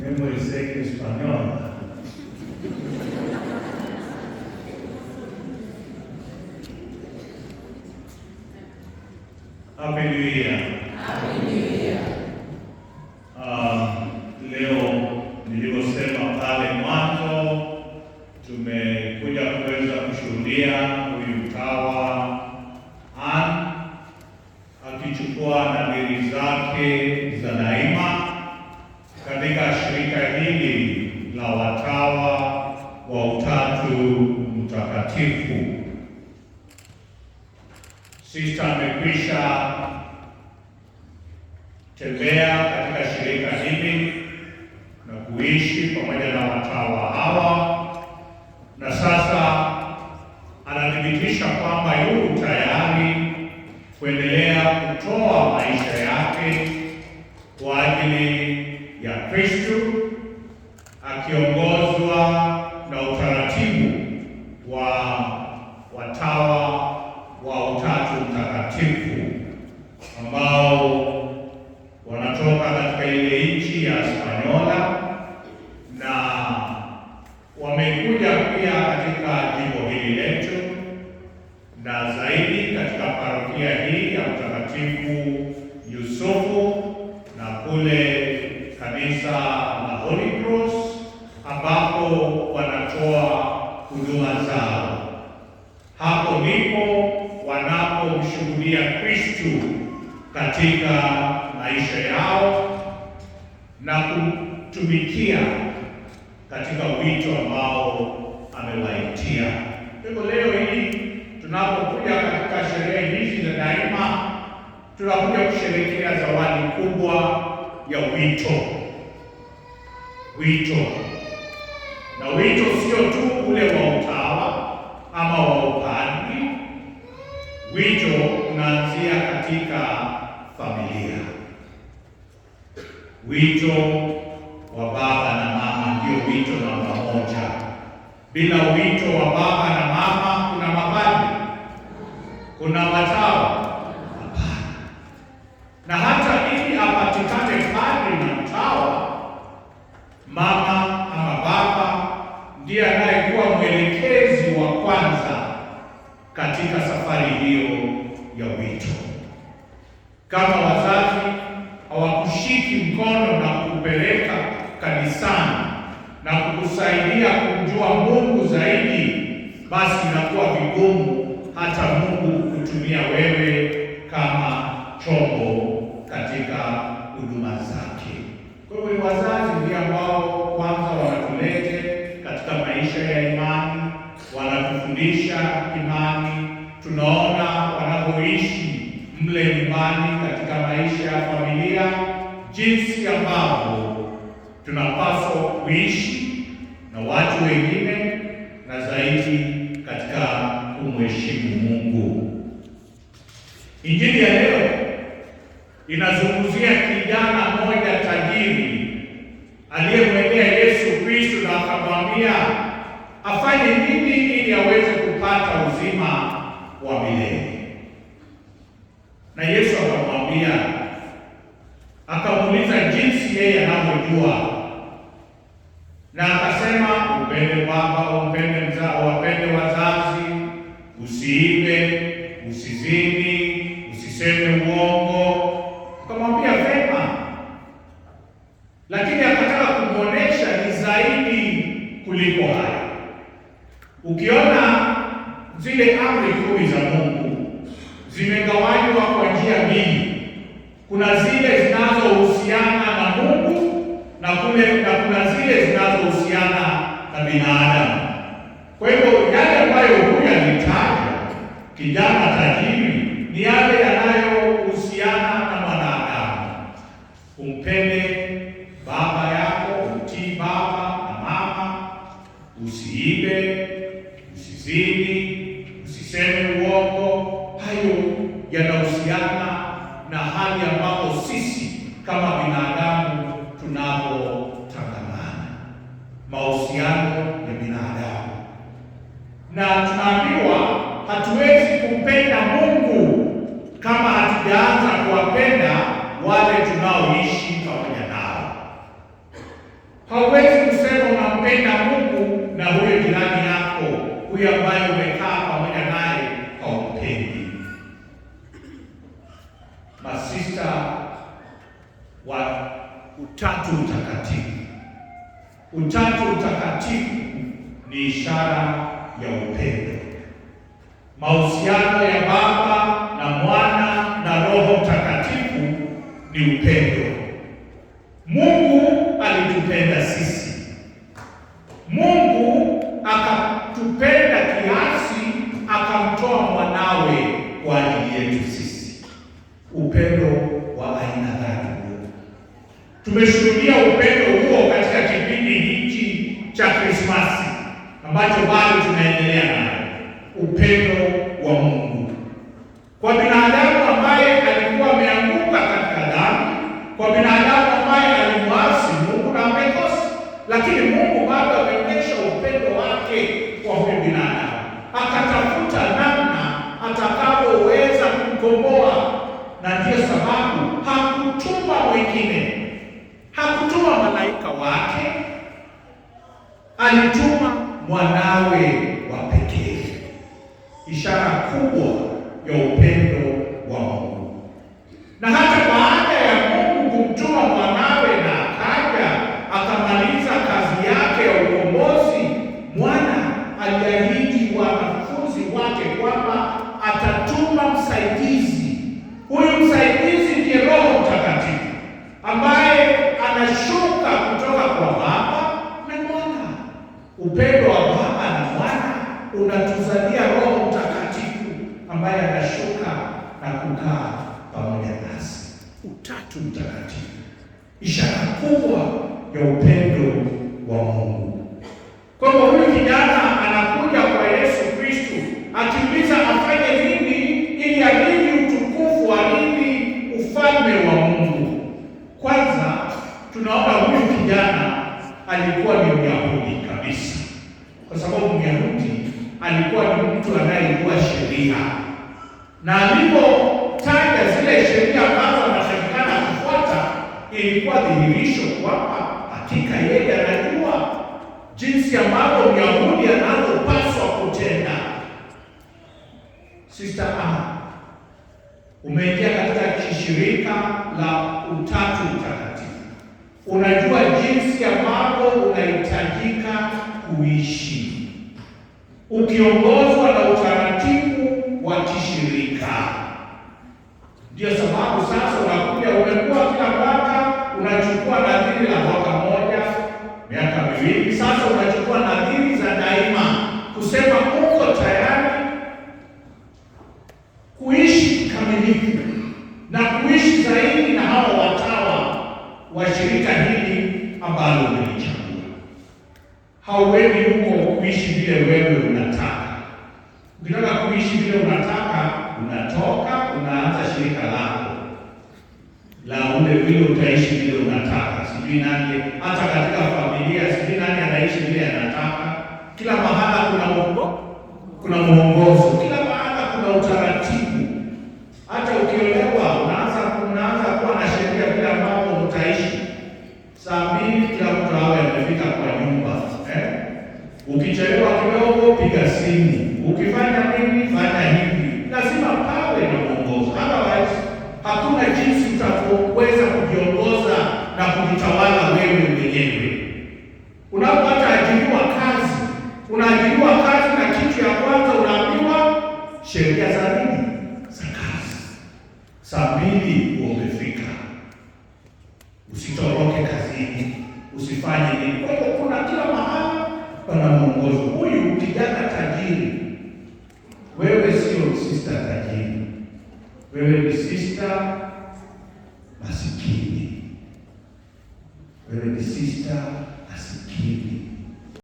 memorizei em espanhol. Aleluia. wa Utatu Mtakatifu. Sista amekwisha tembea katika shirika hili na kuishi pamoja na watawa hawa, na sasa anathibitisha kwamba yuko tayari kuendelea kutoa maisha yake watatu mtakatifu ambao wanatoka katika ile nchi ya spanyola na wamekuja pia katika jimbo hili letu na zaidi katika parokia hii ya Mtakatifu Yusufu katika maisha yao na kutumikia katika wito ambao amewaitia. Kwa hivyo leo hii tunapokuja katika sherehe hizi za daima, tunakuja kusherehekea zawadi kubwa ya wito. Wito na wito sio tu ule wa utawa ama wa upadi. Wito unaanzia katika familia. Wito wa baba na mama ndio wito namba moja. Bila wito wa baba na mama kama wazazi hawakushiki mkono na kukupeleka kanisani na kukusaidia kumjua Mungu zaidi, basi inakuwa vigumu hata Mungu kutumia wewe kama chombo tunapaswa kuishi na watu wengine na zaidi katika kumheshimu Mungu. Injili ya leo inazungumzia kijana mmoja tajiri aliyemwendea Yesu Kristo na akamwambia afanye nini ili aweze kupata uzima wa milele. Na Yesu akamwambia, akamuuliza jinsi yeye anavyojua na akasema, upende baba, upende mzao, wapende wazazi, usiibe, usizini, usiseme uongo. Akamwambia vema, lakini akataka kumwonesha ni zaidi kuliko haya. Ukiona zile amri kumi za Mungu zimegawanywa kwa njia mbili, kuna zile zinazohusiana na Mungu na kule na kuna zile zinazohusiana na binadamu. Kwa hivyo yale ambayo huya nitaja kijana tajiri ni yale yanayohusiana na mwanadamu, kumpenda mahusiano ya binadamu, na tunaambiwa hatuwezi kumpenda Mungu kama hatujaanza kuwapenda wale tunaoishi pamoja nao. Hauwezi kusema unampenda Mungu na huyo jirani yako, huyo ambaye umekaa pamoja naye haumpendi. Masista wa Utatu Mtakatifu, Utatu sadaka ya upendo. Mahusiano ya Baba na Mwana na Roho Mtakatifu ni upendo. Mungu alitupenda sisi. Mungu akatupenda kiasi akamtoa mwanawe kwa ajili yetu sisi. Upendo wa aina gani huo? Tumeshuhudia upendo huo katika kipindi hiki cha Krismasi ambacho bado tunaendelea nayo, upendo wa Mungu kwa binadamu ambaye alikuwa ameanguka katika dhambi, kwa binadamu ambaye alimwasi Mungu na amekosa, lakini mwanawe wa pekee, ishara kubwa ya upendo wa Mungu na tu mtakatifu, ishara kubwa ya upendo wa Mungu, hiyo huyu kijana anakuja kwa Yesu Kristo akiuliza afanye nini ili alini utukufu alini ufalme wa Mungu. Kwanza tunaona huyu kijana alikuwa ni Myahudi kabisa, kwa sababu Myahudi alikuwa ni mtu anayejua sheria na alipotaja zile sheria ilikuwa dhihirisho kwamba hakika yeye anajua jinsi ambavyo Myahudi anavyopaswa kutenda. Sista Ann, umeingia katika kishirika la Utatu Mtakatifu, unajua jinsi ambavyo unahitajika kuishi ukiongoza Ukitaka kuishi vile unataka, unatoka unaanza shirika lako la ule vile utaishi vile unataka. Sijui nani, hata katika familia, sijui nani anaishi vile anataka. Kila mahala kuna kuna mwongozo, kila mahala kuna utaratibu. Hata ukiolewa unaanza unaanza kuwa na sheria vile ambapo utaishi. Saa mbili kila mtu awe amefika kwa nyumba eh. Ukichelewa kidogo, piga simu ukifanya nini, fanya hivi. Lazima pawe na mwongozo otherwise hakuna jinsi utakuweza kujiongoza na kujitawala wewe mwenyewe. Unapopata ajiriwa kazi, unaajiriwa kazi na kitu ya kwanza unaambiwa sheria za nini, za kazi. Saa mbili umefika, usitoroke kazini, usifanye nini. Kwa hiyo kuna kila mahali pana mwongozo. Huyu kijana wewe sio sista tajiri, wewe ni sista masikini, wewe ni sista